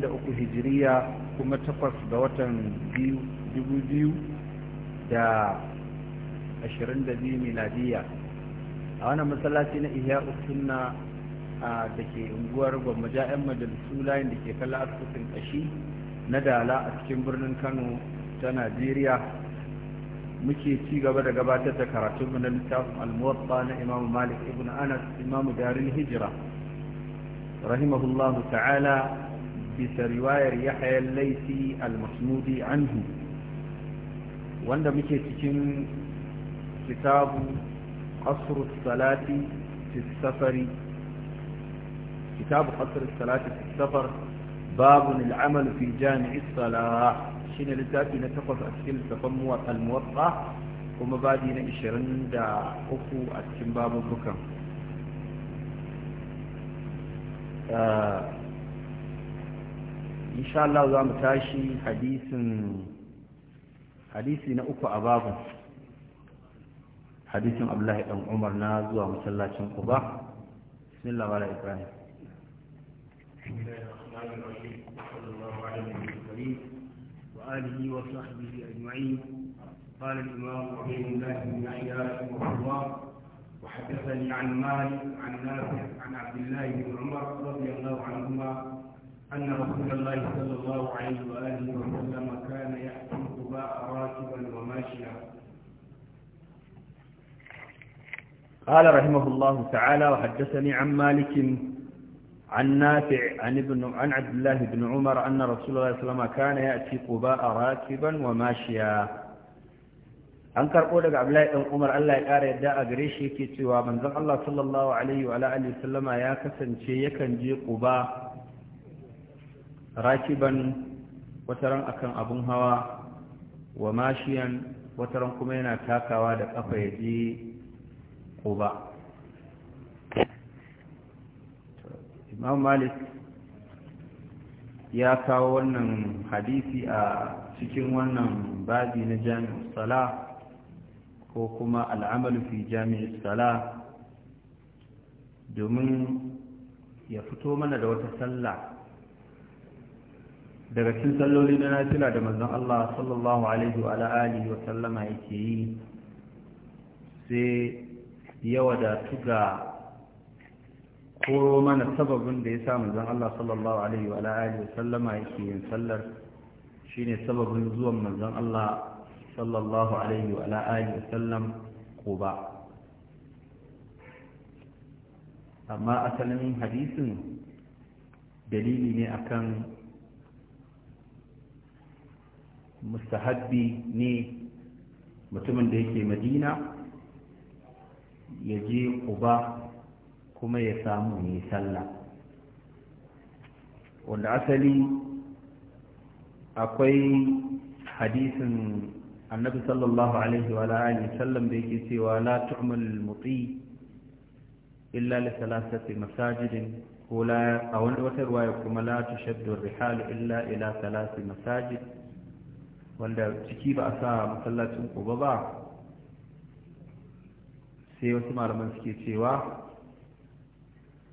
da uku hijiriya kuma takwas ga watan 2022 miladiya a wannan masallaci na ihya sunna da ke unguwar gwammaja 'yan majalisu layin da ke kalla asusun ƙashi na dala a cikin birnin kano ta najeriya muke ci gaba da gabatar da karatunmu na littafin almuwatta na imamu malik ibn anas imamu darin hijira rahimahullahu ta'ala bisa riwayar yahya laifi al-masmudi anhu wanda muke cikin kitabu قصر الصلاة في السفر كتاب قصر الصلاة في السفر باب العمل في جامع الصلاة شين لتاتي نتقف أسكيل تقمو الموطأ ومبادئ نشرن دا أخو أسكين باب البكم Eh, inshallah za mu tashi hadisin hadisi na uku a babu hadisin Abdullahi dan Umar na zuwa masallacin Quba bismillah wa ibrahim وآله وصحبه أجمعين قال الإمام عبد الله بن يحيى رحمه الله وحدثني عن مالك عن نافع عن عبد الله بن عمر رضي الله عنهما أن رسول الله صلى الله عليه وآله وسلم كان يأتي قباء راكبا وماشيا قال رحمه الله تعالى وحدثني عن مالك عن نافع عن ابن عن عبد الله بن عمر أن رسول الله صلى الله عليه وسلم كان يأتي قباء راكبا وماشيا an karɓo daga abdullahi ɗan umar allah ya ƙara yadda a gare shi yake cewa manzon allah sallallahu alaihi wa alihi sallama ya kasance yakan je ƙuba rakiban wataran akan abun hawa wa mashiyan wataran kuma yana takawa da ƙafa ya je ƙuba imam malik ya kawo wannan hadisi a cikin wannan babi na jami'ar salah ko kuma al'amalu fi jami'in sala domin ya fito mana da wata sallah daga cin salloli na nafila da manzon Allah sallallahu alaihi wa alihi wa sallama yake yi sai ya wadatu tuga. koro mana sababin da ya sa manzon Allah sallallahu alaihi wa alihi wa sallama yake yin sallar shine sababin zuwan manzon Allah sallallahu alaihi wa alihi wasallam quba amma asalin hadisin dalili ne akan mustahabbi ne mutumin da yake madina ya je kuba kuma ya samu yi sallah wanda asali akwai hadisin annabi sallallahu alaihi wa alihi sallam da yake cewa la tu'mal muti illa li thalathati masajidin ko la a wani wata ruwaya kuma la tushaddu rihal illa ila thalathati masajid wanda ciki ba a sa masallacin kuba ba sai wasu malaman suke cewa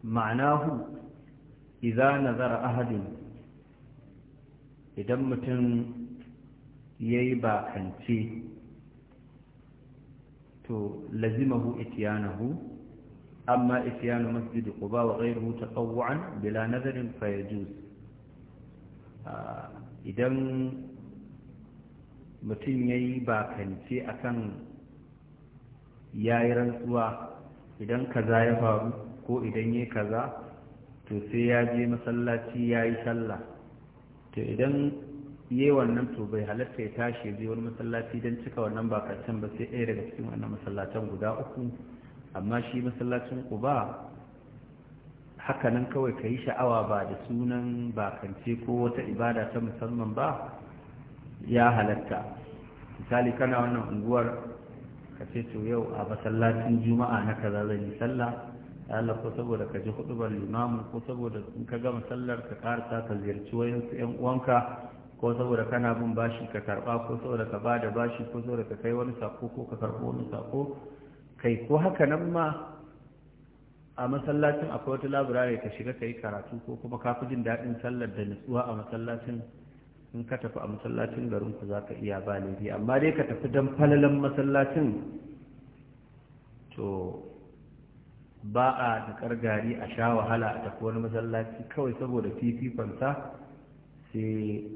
ma'anahu idan nazara ahadin idan mutum ya yi bakance to lazimahu itiyanahu amma itiyanu masjid quba wa ghayruhu tatawwan bila nazarin fa yajuz ah, idan mutum ya yi bakance akan yayi rantsuwa idan kaza ya faru ko idan yayi kaza to sai ya je masallaci yayi sallah to idan ye wannan to bai halarta ya tashi zai wani masallaci don cika wannan bakacin ba sai ɗaya daga cikin wannan masallacin guda uku amma shi masallacin uba hakanan kawai ka yi sha'awa ba da sunan bakance ko wata ibada ta musamman ba ya halatta misali kana wannan unguwar ka ce to yau a masallacin juma'a na kaza zan yi sallah Allah ko saboda ka ji hudubar limamu ko saboda in ka gama sallar ka karasa ka ziyarci wayansu yan uwanka ko saboda kana bin bashi ka karba ko saboda ka bada bashi ko saboda ka kai wani sako ko ka karbo wani sako kai ko haka nan ma a masallacin akwai wata laburare ka shiga ka yi karatu ko kuma ka fi jin daɗin sallar da nutsuwa a masallacin in ka tafi a masallacin garin ku za ka iya ba laifi amma dai ka tafi don falalan masallacin to ba a da gari a sha wahala a tafi wani masallaci kawai saboda fifikonsa sai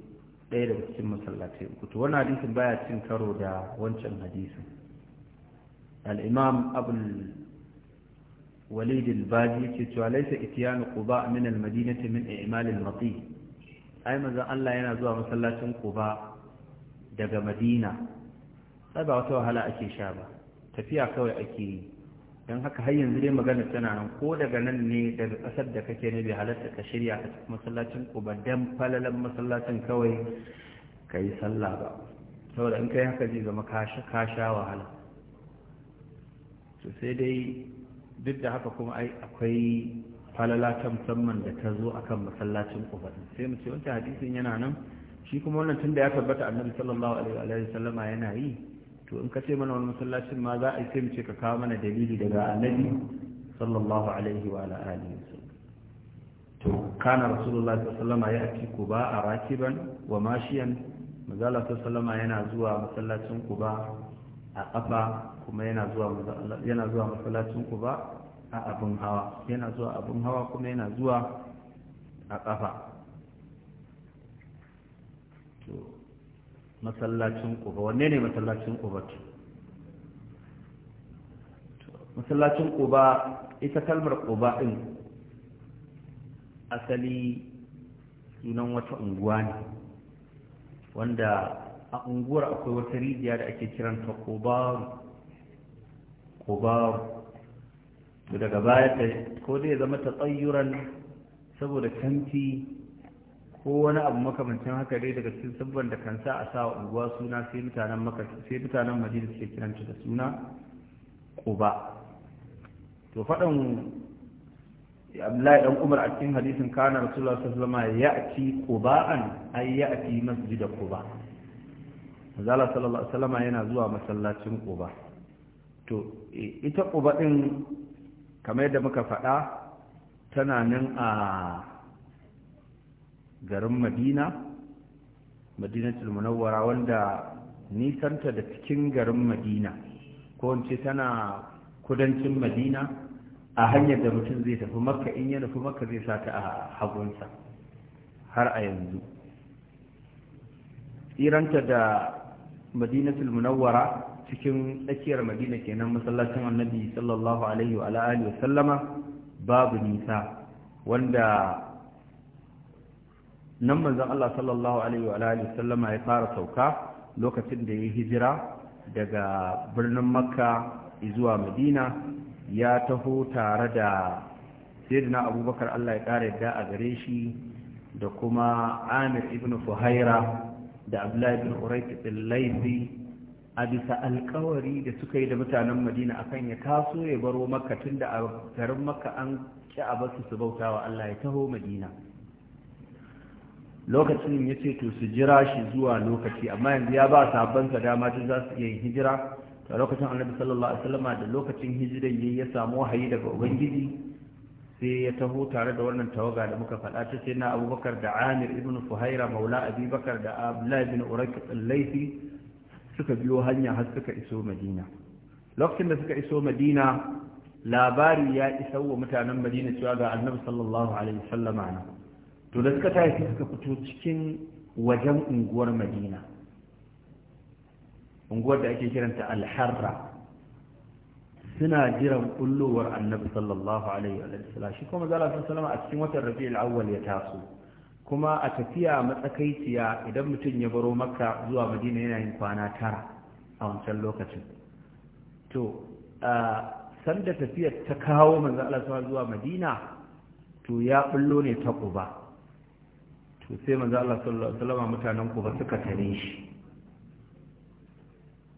ɗaya daga cikin masallatai uku to wannan hadisin baya cin karo da wancan hadisin al-imam abul walid al-baji yake cewa laysa itiyanu quba min al-madinati min i'mal al-mati ai Allah yana zuwa masallacin quba daga madina sai ba wata wahala ake sha ba tafiya kawai ake yi don haka har yanzu dai magana tana nan ko daga nan ne daga ƙasar da kake ne bai halatta ka shirya a cikin masallacin ku ba dan falalan masallacin kawai ka yi sallah ba saboda in kai haka zai zama ka sha wahala to sai dai duk da haka kuma akwai falala ta musamman da ta zo akan masallacin kufa sai mu ce wancan hadisin yana nan shi kuma wannan tunda ya tabbata annabi sallallahu alaihi wa sallama yana yi to in ka ce mana wani masallacin ma za a ce sai mu ce ka kawo mana dalili daga annabi sallallahu alaihi wa alihi to kana rasulullahi sallallahu alaihi wa ku kuba a rakiban wa mashiyan manzala sallallahu yana zuwa masallacin kuba a kafa kuma yana zuwa yana zuwa masallacin kuba a abun hawa yana zuwa abun hawa kuma yana zuwa a kafa masallacin ƙuba wanne ne masallacin ƙuba masallacin ƙuba ita kalmar ƙuba ɗin asali sunan wata unguwa ne wanda a unguwar akwai wata rijiya da ake kiranta ƙubaru ƙubaru to daga baya ko dai zama ta tsayyuran saboda kanti ko wani abu makamancin haka dai daga cikin sabban da kan sa a sa unguwa suna sai mutanen maka sai mutanen madina suke kiranta da suna quba to fadan Abdullahi dan Umar a cikin hadisin kana Rasulullah sallallahu alaihi wasallam ya'ti quba'an ay ya'ti masjid quba Zala sallallahu alaihi wasallam yana zuwa masallacin quba to e, ita quba din kamar yadda muka faɗa tana nan a garin madina madinatul munawwara wanda nisanta da cikin garin madina ko wance tana kudancin madina a hanyar da mutum zai tafi makka in ya nufi makka zai sata a hagunsa har a yanzu tsiranta da madinatul munawwara cikin tsakiyar madina kenan masallacin annabi sallallahu alaihi wa alihi wa sallama babu nisa wanda nan manzan Allah sallallahu alaihi wa alihi sallama ya fara sauka lokacin da ya hijira daga birnin makka zuwa madina ya taho tare da sayyidina abubakar Allah ya kare da a gare shi da kuma amir ibn fuhaira da abdullahi ibn urayt al Laifi. a bisa alkawari da suka yi da mutanen madina akan ya taso ya baro makka tunda a garin makka an ki a basu su bautawa Allah ya taho madina lokacin ya ce to su jira shi zuwa lokaci amma yanzu ya ba sahabbansa dama ta za su iya yin hijira a lokacin annabi sallallahu alaihi wasallam da lokacin hijirar yayi ya samu wahayi daga ubangiji sai ya taho tare da wannan tawaga da muka faɗa ta sai na abubakar da amir ibn fuhaira maula abubakar da abdullahi ibn urakit laifi suka biyo hanya har suka iso madina lokacin da suka iso madina labari ya isa wa mutanen madina cewa ga annabi sallallahu alaihi wasallama ana. to da suka tashi suka fito cikin wajen unguwar madina unguwar da ake kiranta alharra suna jiran kullowar annabi sallallahu alaihi wa sallam shi kuma zala sun salama a cikin watan rabi'ul awwal ya taso kuma a tafiya matsakaiciya idan mutum ya baro makka zuwa madina yana yin kwana tara a wancan lokacin to sanda tafiyar ta kawo manzo Allah zuwa madina to ya bullo ne ta kuba to sai manzo Allah sallallahu alaihi wasallam mutanen ku ba suka tare shi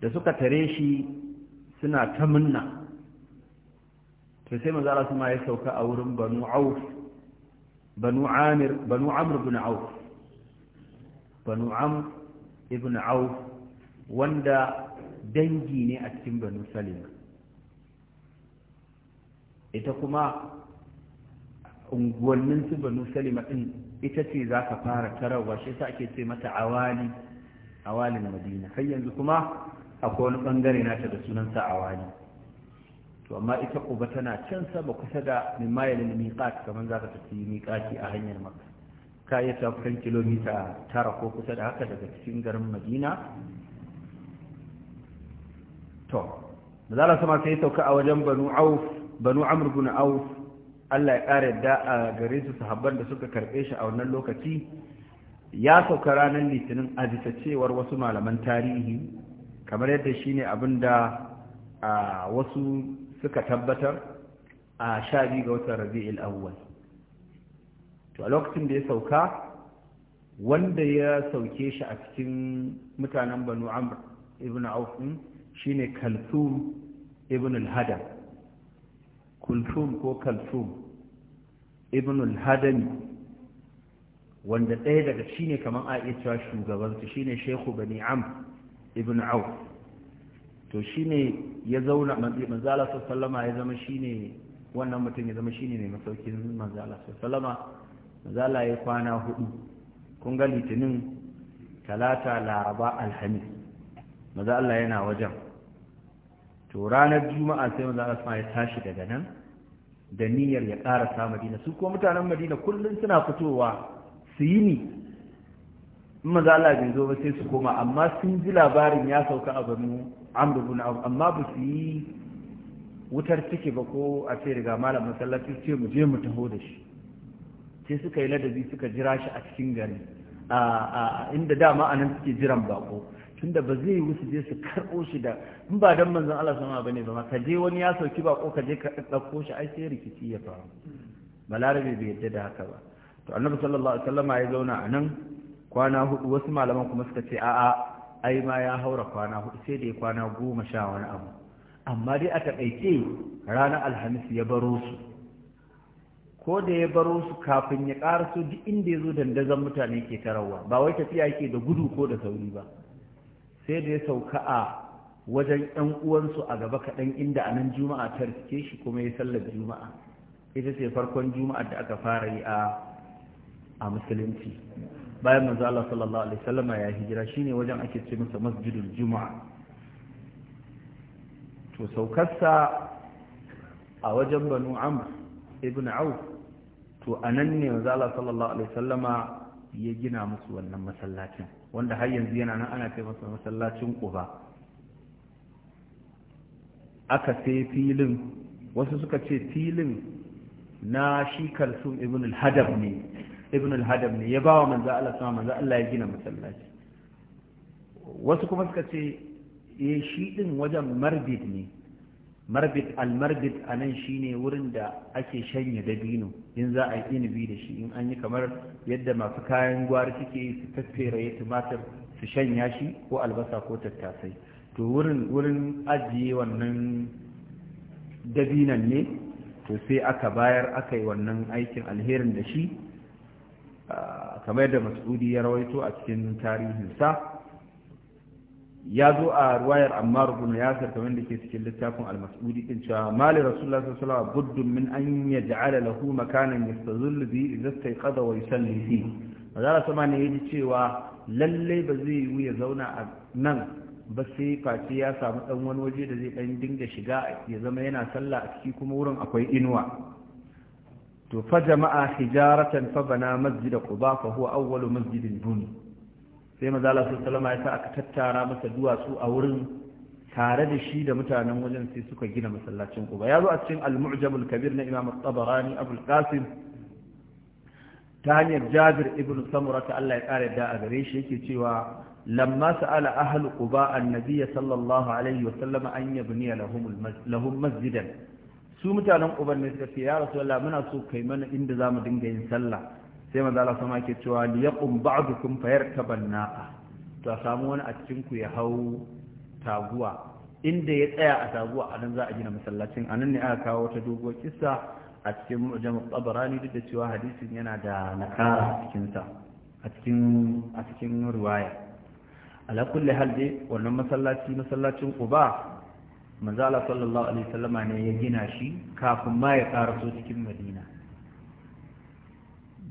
da suka tare shi suna ta munna to sai manzo Allah kuma ya sauka a wurin Banu Auf Banu Amir Banu Amr ibn Auf Banu Amr ibn Auf wanda dangi ne a cikin Banu Salim ita kuma unguwannin su Banu Salima din ita ce za ka fara tarawa shi ta ake ce mata awali awalin madina har yanzu kuma akwai wani bangare nata da sunansa awali to amma ita kuba tana can saba kusa da mimayalin miqat kaman za ka tafi miqati a hanyar maka ka iya tafukan kilomita tara ko kusa da haka daga cikin garin madina to mazala sama sai sauka a wajen banu auf banu amr bin auf Allah ya ƙara yadda a gare su sahabban da suka karɓe shi a wannan lokaci ya sauka ranar litinin a bisa cewar wasu malaman tarihi kamar yadda shi ne abin da wasu suka tabbatar a sha biyu ga watan rabi'il awwal to a lokacin da ya sauka wanda ya sauke shi a cikin mutanen banu amr ibn auf shine kalthum ibn al-hadam kultum ko kaltum ibn al-hadami wanda ɗaya daga shi ne kamar a iya cewa shugabanta shi ne shehu bani am ibn au to shi ne ya zauna manzala sallama ya zama shi ne wannan mutum ya zama shi ne mai masaukin manzala sallama manzala ya kwana hudu kun ga litinin talata laraba alhamis maza Allah yana wajen to ranar juma'a sai maza Allah ya tashi daga nan da niyyar ya karasa madina su ko mutanen madina kullum suna fitowa su yi ni in maza Allah bai zo ba sai su koma amma sun ji labarin ya sauka a banu amru bin amma ba su yi wutar ciki ba ko a ce riga malam masallaci ce mu je mu taho da shi sai suka yi ladabi suka jira shi a cikin gari a inda dama anan suke jiran bako tunda ba zai yi je su karɓo shi da in ba dan manzon Allah sama ne ba ma kaje wani ya sauki ba ko kaje ka ɗauko shi ai sai rikici ya faru balarabe bai yadda da haka ba to annabi sallallahu alaihi wasallama ya zauna a nan kwana hudu wasu malaman kuma suka ce a'a ai ma ya haura kwana hudu sai dai kwana goma sha wani abu amma dai a taƙaice ranar alhamis ya baro su ko da ya baro su kafin ya ƙara su duk inda ya zo dandazon mutane ke tarawa ba wai tafiya yake da gudu ko da sauri ba sai da ya sauka a wajen ‘yan uwansu a gaba kaɗan inda a nan juma'a ta rikice shi kuma ya sallar juma'a ita ce farkon juma'a da aka fara yi a musulunci bayan manzo Allah sallallahu alaihi wasallama ya hijira shine wajen ake ce masa masjidul juma'a to saukarsa a wajen banu amr ibn auf to anan ne manzo Allah sallallahu alaihi wasallama ya gina musu wannan masallacin wanda har yanzu yana nan ana kai masa masallacin ƙuba aka sai filin wasu suka ce filin na shi kalsum ibn al-hadab ne ibn al-hadab ne ya bawa manzo Allah sama manzo Allah ya gina masallaci wasu kuma suka ce eh shi din wajen marbid ne marbit almarbit a nan shine wurin da ake shanya dabino in za a yi inibi da shi in an yi kamar yadda masu kayan gwari suke su ya tumatir su shanya shi ko albasa ko tattasai to wurin wurin ajiye wannan dabinan ne to sai aka bayar aka yi wannan aikin alherin da shi kamar yadda mas'udi ya rawaito a cikin tarihinsa ya zo a ruwayar ammar bin yasir kamar da ke cikin littafin al-mas'udi din cewa mali rasulullah sallallahu alaihi wasallam min an yaj'ala lahu makanan yastazillu bi idza istayqada wa yusalli fi mazara sama ne yaji cewa lalle ba zai yi ya zauna a nan ba sai face ya samu dan wani waje da zai dan dinga shiga ya zama yana sallah a ciki kuma wurin akwai inuwa to fa jama'a hijaratan fa bana masjid quba fa huwa awwalu masjidin buni sai maza Allah sallama ya sa aka tattara masa duwatsu a wurin tare da shi da mutanen wajen sai suka gina masallacin Quba ya zo a cikin al-Mu'jamul Kabir na Imam At-Tabarani Abu qasim ta hanyar Jabir ibn Samura ta Allah ya kare da a gare shi yake cewa lamma sa'ala ahlu Quba annabi sallallahu alaihi wa sallam, an yabni lahum lahum masjidan su mutanen Kuban ne suka ce ya Rasulullah muna so kai mana inda zamu dinga yin sallah sai manzo Allah sama yake cewa li yaqum ba'dukum fayarkaban naqa to a samu wani a cikin ku ya hau taguwa inda ya tsaya a taguwa a nan za a gina masallacin a nan ne aka kawo wata doguwar kissa a cikin mu'jam tabarani duk da cewa hadisin yana da nakara a cikin sa a cikin riwaya ala kulli hal dai wannan masallaci masallacin Quba manzo Allah sallallahu alaihi wasallama ne ya gina shi kafin ma ya karaso cikin Madina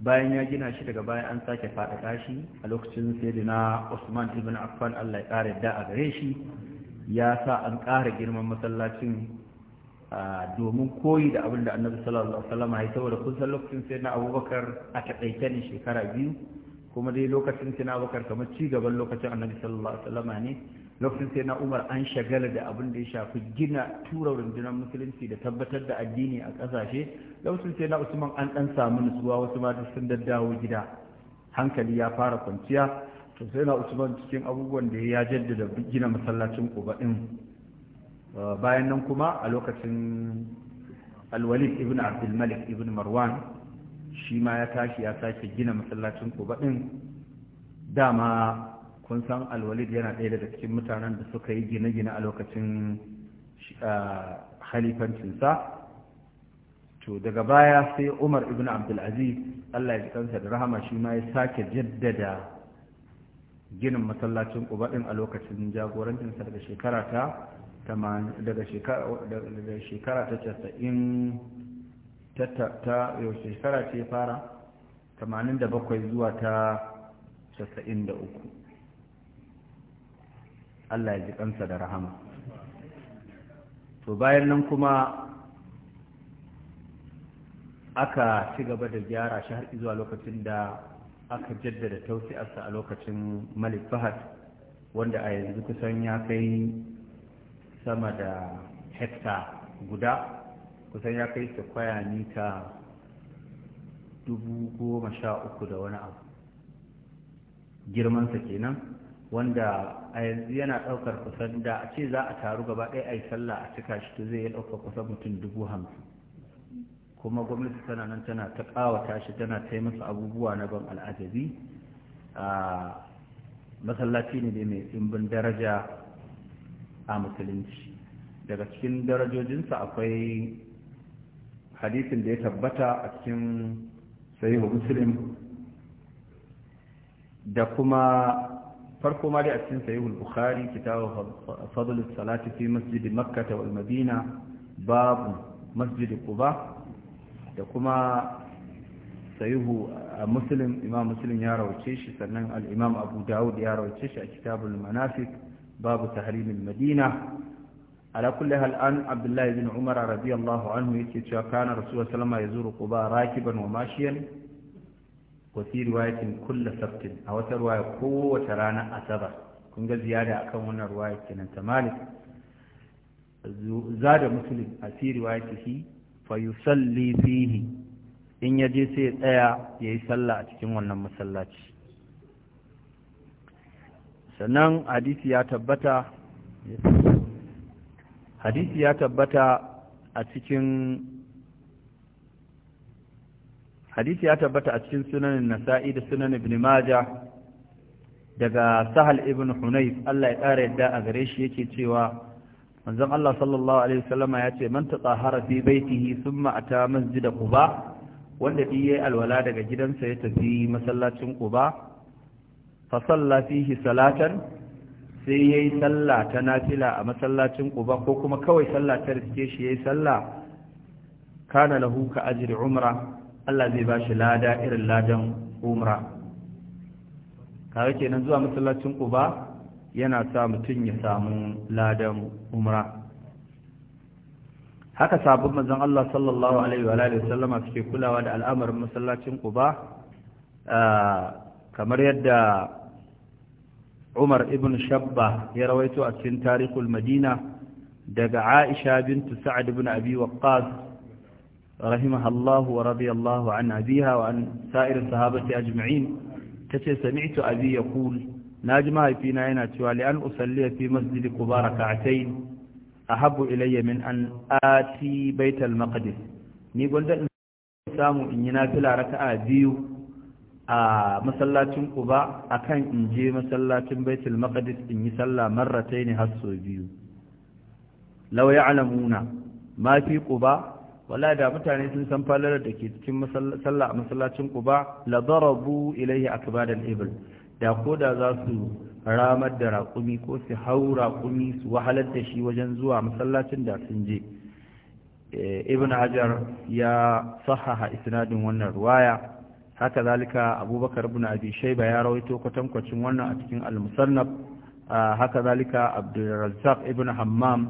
bayan ya gina shi daga baya an sake faɗaɗa shi a lokacin sayyidina Usman ibn Affan Allah ya ƙara yadda a gare shi ya sa an ƙara girman masallacin domin koyi da abin da annabi sallallahu alaihi wasallam ya saboda kun san lokacin sayyidina Abubakar a taƙaice ne shekara biyu kuma dai lokacin sayyidina Abubakar kamar ci gaban lokacin annabi sallallahu alaihi wasallam ne lokacin sai na umar an shagala da abin da ya shafi gina tura rundunar musulunci da tabbatar da addini a ƙasashe lokacin sai na usman an ɗan samu nutsuwa wasu mata sun daddawo gida hankali ya fara kwanciya to sai na usman cikin abubuwan da ya jaddada gina masallacin kuba ɗin uh, bayan nan kuma a lokacin alwalid ibn abdulmalik ibn marwan shi ma ya tashi ya sake gina masallacin kuba ɗin dama kun san alwalid yana ɗaya daga cikin mutanen da suka yi gine-gine a lokacin ah, halifancinsa to daga baya sai umar ibn abdulaziz allah ya kansa da rahama shi ma ya sake jaddada ginin masallacin kubaɗin a lokacin jagorancinsa daga shekara ta daga shekara ta casa'in ta yau shekara ce fara 87 zuwa ta 93 Allah ya ji kansa da rahama to bayan nan kuma aka ci gaba da gyara shi har zuwa lokacin da aka jaddada tausi'arsa a lokacin malik fahad wanda a yanzu kusan ya kai sama da hekta guda kusan ya kai sakwaya mita dubu goma sha uku da wani abu girmansa kenan wanda yana ɗaukar kusan da a ce za a taru gaba ɗaya a yi sallah a cika shi to zai yi ɗaukar kusan mutum dubu hamsin kuma gwamnati tana nan tana ta ƙawata shi tana ta masa abubuwa na ban al'ajabi a masallaci ne da mai tsimbin daraja a musulunci daga cikin darajojinsa akwai hadisin da ya tabbata a cikin sahihu muslim da kuma farko ma dai a cikin sahihul bukhari kitabu fadl salati fi masjid makkah wal madina babu masjid quba da kuma a muslim imam muslim ya rawace shi sannan al imam abu da'ud ya rawace shi a kitabul manasik babu tahrim al madina ala kulli hal an abdullahi bin umar radiyallahu anhu yake cewa kana rasulullahi sallallahu alaihi wasallam yazuru quba rakiban wa mashiyan wasi fi kulla sabtin a wata ruwaya kowace rana asabar kun ga ziyada akan wannan riwaya kenan ta malik zada musulun a fi shi fa yusalli fihi in ya je sai tsaya ya yi sallah a cikin wannan masallaci sannan hadisi ya tabbata hadisi ya tabbata a cikin hadisi ya tabbata a cikin sunanin nasa'i da sunan ibn maja daga sahal ibn hunayf Allah ya ƙara yadda a gare shi yake cewa manzon Allah sallallahu alaihi wasallama ya ce man tatahara fi baitihi thumma ata masjid quba wanda bi yayi alwala daga gidansa ya tafi masallacin quba fa salla fihi salatan sai yayi salla ta nafila a masallacin quba ko kuma kawai salla ta riske shi yayi salla kana lahu ka ajri umra Allah zai ba shi lada irin ladan umra kawai kenan zuwa masallacin uba yana sa mutum ya samu ladan umra haka sabon mazan Allah sallallahu alaihi wa alihi sallama suke kulawa da al'amarin masallacin uba ah, kamar yadda Umar ibn Shabba ya rawaito a cikin tarihul Madina daga Aisha bintu Sa'd ibn Abi Waqqas رحمها الله ورضي الله عن أبيها وعن سائر الصحابة أجمعين تشي سمعت أبي يقول ناجمها في ناينة لأن أصلي في مسجد قباء ركعتين أحب إلي من أن آتي بيت المقدس نقول ده samu in yi nafila raka'a biyu a masallacin Quba akan in je masallacin Baitul Maqdis in yi sallah marrataini har sau biyu law ya'lamuna ma fi Quba wala da mutane sun san falalar da ke cikin sallah a masallacin quba la darabu ilaihi akbad al-ibl da koda za su ramar da raƙumi ko su hau raƙumi su wahalar da shi wajen zuwa masallacin da sun je eh, ibn hajar ya sahaha isnadin wannan ruwaya haka zalika abubakar ibn abi shayba ya rawaito kwatankwacin wannan a cikin al-musannaf ah, haka zalika abdurrazzaq ibn hammam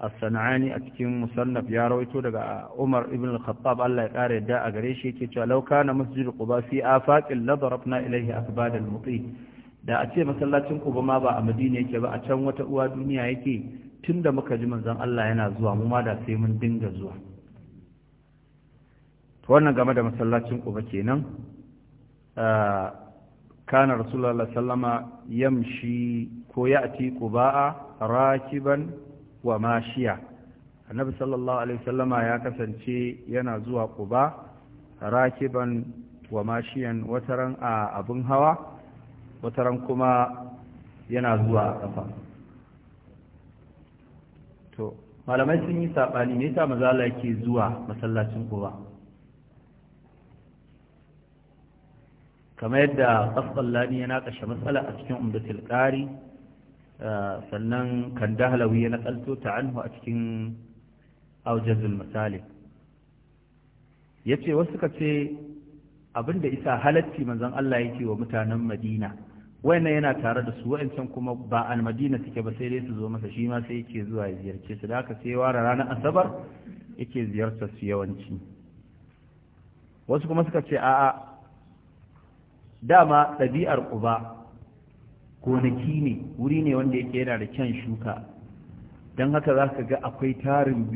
as-sanani a cikin musannaf ya rawaito daga Umar ibn al-Khattab Allah ya kare yadda a gare shi yake cewa law kana masjid Quba fi afaqin la darabna ilayhi asbad al-muti da a ce masallacin Quba ma ba a Madina yake ba a can wata uwa duniya yake tunda muka ji manzon Allah yana zuwa mu ma da sai mun dinga zuwa to wannan game da masallacin Quba kenan kana rasulullahi sallallahu alaihi wasallama yamshi ko ya'ti a rakiban wa mashiya annabi sallallahu alaihi wasallama ya kasance yana zuwa quba rakiban wa mashiyan wataran a abun hawa wataran kuma yana zuwa a kafa to malamai sun yi saɓani me yasa mazala yake zuwa masallacin quba kamar yadda tsallani yana kashe matsala a cikin umdatul qari sannan kan dahalawi ya nakalto ta anhu a cikin aujazul misali ya ce wasu ka ce abinda isa halatti manzon Allah yake wa mutanen madina wayannan yana tare da su wayancan kuma ba madina suke ba sai dai su zo masa shi ma sai yake zuwa ziyarce su da haka sai ware ranar asabar yake ziyartar su yawanci wasu kuma suka ce a'a dama ɗabi'ar ba. gonaki ne wuri ne wanda yake yana da kyan shuka don haka za ka ga akwai tarin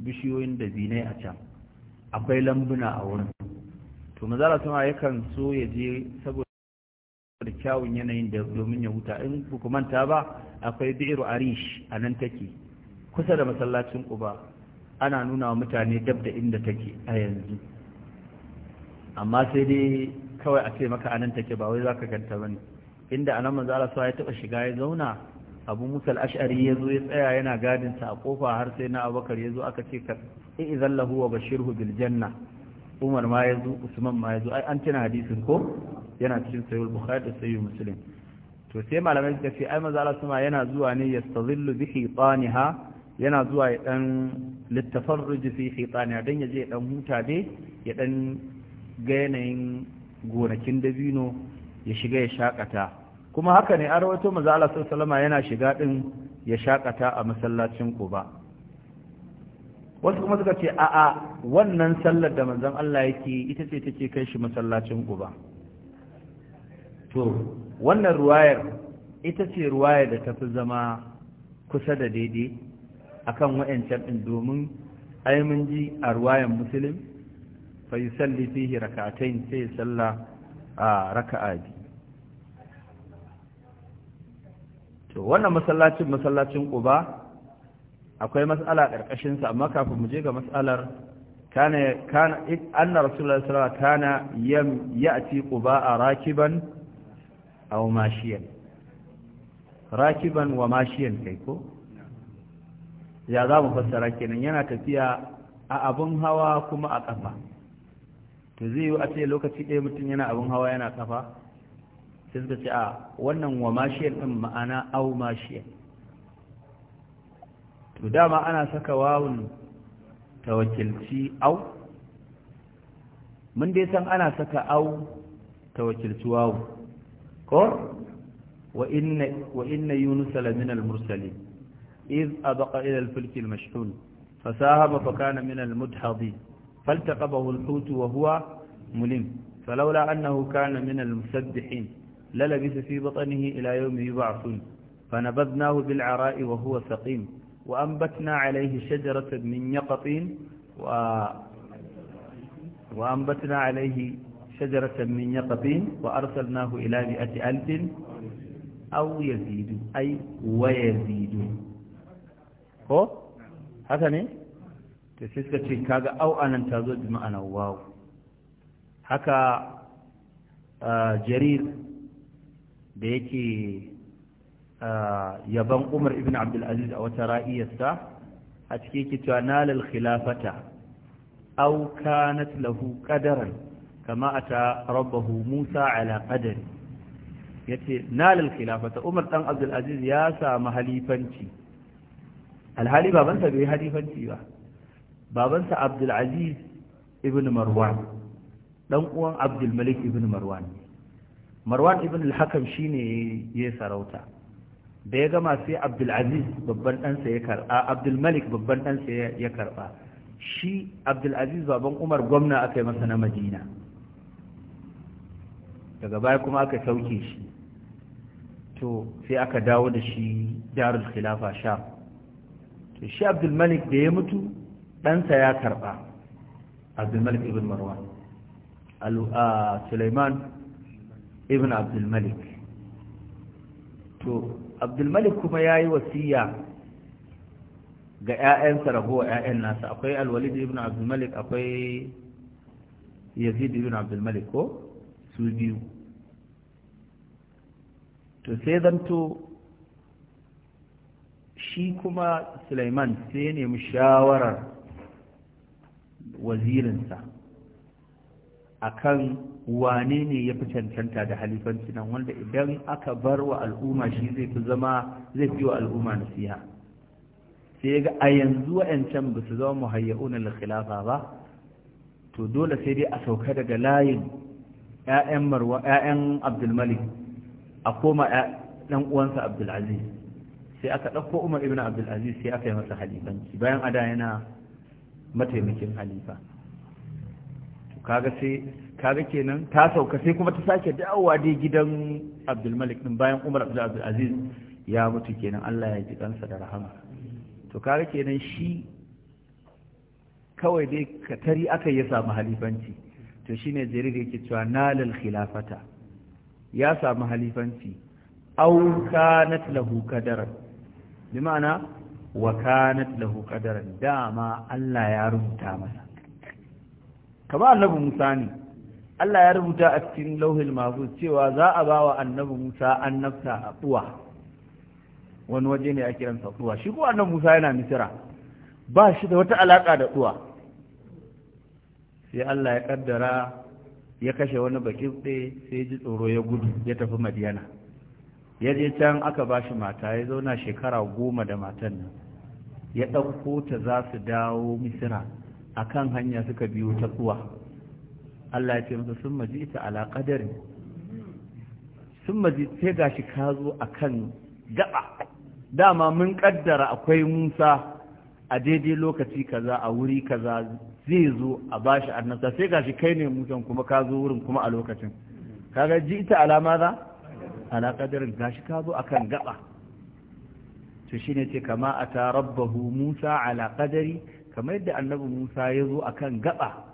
bishiyoyin da zinai a can akwai lambuna a wurin to mazara sama yakan so ya je saboda kyawun yanayin da domin ya huta in manta ba akwai bi'ir arish a nan take kusa da masallacin uba ana nuna wa mutane dab da inda take a yanzu amma sai dai kawai a ce maka anan take ba wai za ka ganta ba ne inda anan manzo Allah ya taba shiga ya zauna Abu Musa al-Ash'ari ya zo ya tsaya yana gadin sa a kofa har sai na Abubakar ya zo aka ce ka idan lahu wa bashirhu bil janna Umar ma ya zo Usman ma ya zo ai an tana hadisin ko yana cikin sahih Bukhari da sahih Muslim to sai malamai suka ce ai manzo Allah yana zuwa ne yastazillu bi hitaniha yana zuwa ya dan littafarruj fi hitaniha dan ya je dan huta dai ya dan ga yanayin gonakin dabino ya shiga ya shakata kuma haka ne an rawaito manzo Allah yana shiga ɗin ya shakata a masallacin ba. wasu kuma suka ce a a wannan sallar da manzan Allah yake ita ce take kai shi masallacin ba. to wannan ruwayar ita ce ruwayar da ta fi zama kusa da daidai a kan wayancan din domin ai mun ji a ruwayar musulun, fa yusalli fihi rak'atayn sai salla a raka'adi to wannan masallacin masallacin Quba akwai mas'ala karkashin sa amma kafin mu je ga mas'alar kana kana anna rasulullahi sallallahu alaihi wasallam kana yam yati Quba rakiban aw mashiyan rakiban wa mashiyan kai ko ya za mu fassara kenan yana tafiya a abun hawa kuma a kafa to zai yi a ce lokaci ɗaya mutum yana abun hawa yana kafa sai suka ce a wannan wa mashiyar ɗin ma'ana au mashiyar to dama ana saka wawun tawakilci au mun dai san ana saka au tawakilci wawu ko wa inna yunus lamin al-mursalin iz abaqa ila al-fulk al-mashhun فساهم فكان من المدحضين فالتقبه الحوت وهو ملم فلولا أنه كان للبث في بطنه إلى يوم يبعثون فنبذناه بالعراء وهو سقيم وأنبتنا عليه شجرة من يقطين و... وأنبتنا عليه شجرة من يقطين وأرسلناه إلى مئة ألف أو يزيد أي ويزيد هو هذا نعم da sai suka ce kaga au anan ta zo bi ma'anar wawu haka jarir da yake yaban umar ibn abdulaziz a wata ra'iyarsa a cikin cewa nalal khilafata au kanat lahu qadaran kama ata rabbahu musa ala qadari yace nalal khilafata umar dan abdulaziz ya samu halifanci alhali babansa bai halifanci ba babansa abdulaziz ibn marwan dan uwan abdulmalik ibn marwan marwan ibn al-hakam shine ya sarauta da ya gama sai abdulaziz babban ɗansa ya karɓa abdulmalik babban ɗansa ya karɓa shi abdulaziz baban umar gwamna aka yi masa na madina daga baya kuma aka sauke shi to sai aka dawo da shi darul khilafa sha to shi abdulmalik da ya mutu ɗansa ya karɓa abdulmalik ibn marwan suleiman ibn abdulmalik to abdulmalik kuma ya yi wasiya ga 'ya'yansa ragowa 'ya'yan nasa akwai alwalid ibn abdulmalik akwai yazid ibn abdulmalik ko su biyu to sai zanto shi kuma suleiman sai ya nemi shawarar wazirinsa akan wane ne ya fi cancanta da halifanci nan wanda idan aka bar wa al'umma shi zai fi zama zai fi wa al'umma nasiha sai ga a yanzu wa'ancan ba su zama muhayya'una na khilafa ba to dole sai dai a sauka daga layin ƴaƴan marwa a koma ɗan uwansa Abdulaziz sai aka ɗauko Umar ibn Abdulaziz Aziz sai aka yi masa halifanci bayan ada yana mataimakin halifa kaga sai kaga kenan ta sauka sai kuma ta sake dawowa dai gidan abdul malik din bayan Umar Abdul Aziz ya mutu kenan Allah ya ji kansa da rahama to kaga kenan shi kawai dai katari aka ya samu halifanci to shine jarir yake cewa nalal khilafata ya samu halifanci au kanat lahu qadaran bi ma'ana wa kanat lahu qadaran dama Allah ya rubuta masa kama annabi Musa ne Allah ya rubuta a cikin lauhin mahfuz cewa za a ba wa annabi Musa annabta a tsuwa wani waje ne a kiransa tsuwa shi ko annabi Musa yana misira ba shi da wata alaka da tsuwa sai Allah ya kaddara ya kashe wani bakin tsaye sai ji tsoro ya gudu ya tafi madiyana ya je can aka ba shi mata ya zauna shekara goma da matan nan ya ɗauko ta za su dawo misira a kan hanya suka biyo ta kuwa Allah ya ce masa sun maji ita ala ƙadari sun maji sai gashi ka zo a kan gaba dama mun ƙaddara akwai musa a daidai lokaci kaza a wuri kaza zai zo a bashi annasa. sai gashi kai ne musan kuma ka zo wurin kuma a lokacin kaga ji ita alama za ala ƙadarin gashi ka zo a kan gaba to shine ce kama a ta rabbahu musa ala ƙadari kamar yadda annabi musa ya zo a kan gaba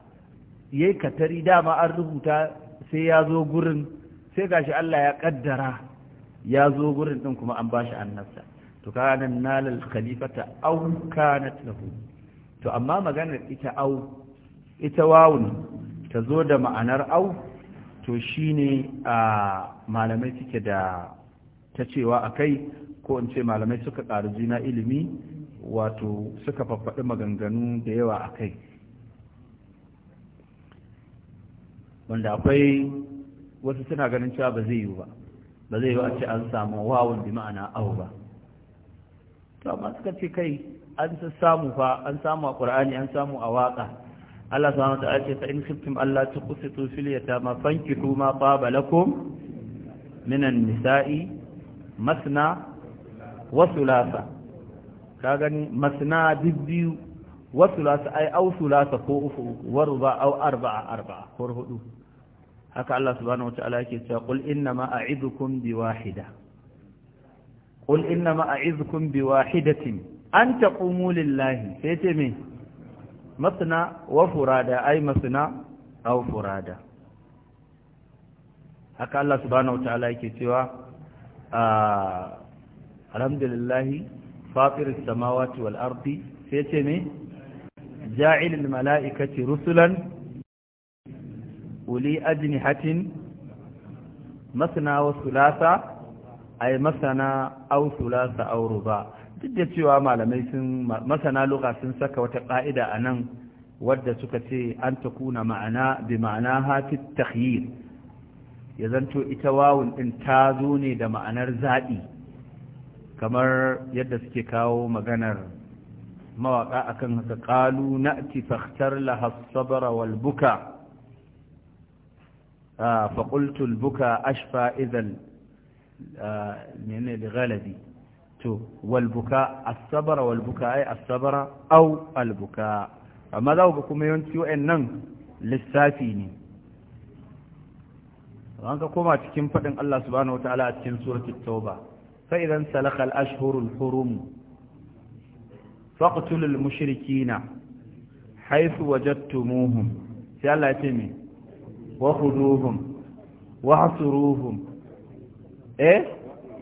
ya yi katari dama an rubuta sai ya zo gurin sai gashi allah ya kaddara ya zo gurin din kuma an bashi annabta to kana nalal khalifata aw kanat lahu to amma maganar ita aw ita wawun ta zo da ma'anar aw to shine a malamai suke da ta cewa akai ko in ce malamai suka ƙara jina ilimi wato suka faffaɗi maganganu da yawa a kai wanda akwai wasu suna ganin cewa ba zai yi ba ba zai yi a ce an samu wawon bi ma'ana au ba to amma suka ce kai an samu fa an samu a ƙur'ani an samu a waƙa Allah subhanahu wa ta'ala ce ta in khiftum alla tuqsitu fil yatama ta ma ba lakum minan nisa'i masna wasu lasa. ka gani masna biyu wasu lasa ai au sulasa ko uku uku war ba au arba'a arba'a ko hudu haka Allah subhanahu wataala yake cewa qul inna ma a'idukum bi wahida qul inna ma a'idukum bi wahidatin an taqumu lillahi sai ce me masna wa furada ai masna au furada haka Allah subhanahu wataala yake cewa ah, alhamdulillahi fatir samawati wal ardi sai ce me ja'il mala'ikati rusulan uli ajnihatin masana wa thulatha ay masana aw thulatha aw ruba duk da cewa malamai sun masana lugha sun saka wata ka'ida anan wadda suka ce an takuna ma'ana bi ma'ana hafi takhyir ya zanto ita wawun ɗin ta zo ne da ma'anar zaɓi kamar yadda suke kawo maganar mawaƙa akan haka qalu na fakhtar laha as wal buka ah, a qultu buka ashfa idhan ah, min galabi to wal buka wal buka ai al buka amma za ku kuma yawanci nan lissafi ne an ka koma cikin faɗin Allah subhanahu wa ta'ala a cikin suratul tauba فإذا انسلخ الأشهر الحرم فاقتلوا المشركين حيث وجدتموهم سيالا يتمي وخذوهم واعصروهم ايه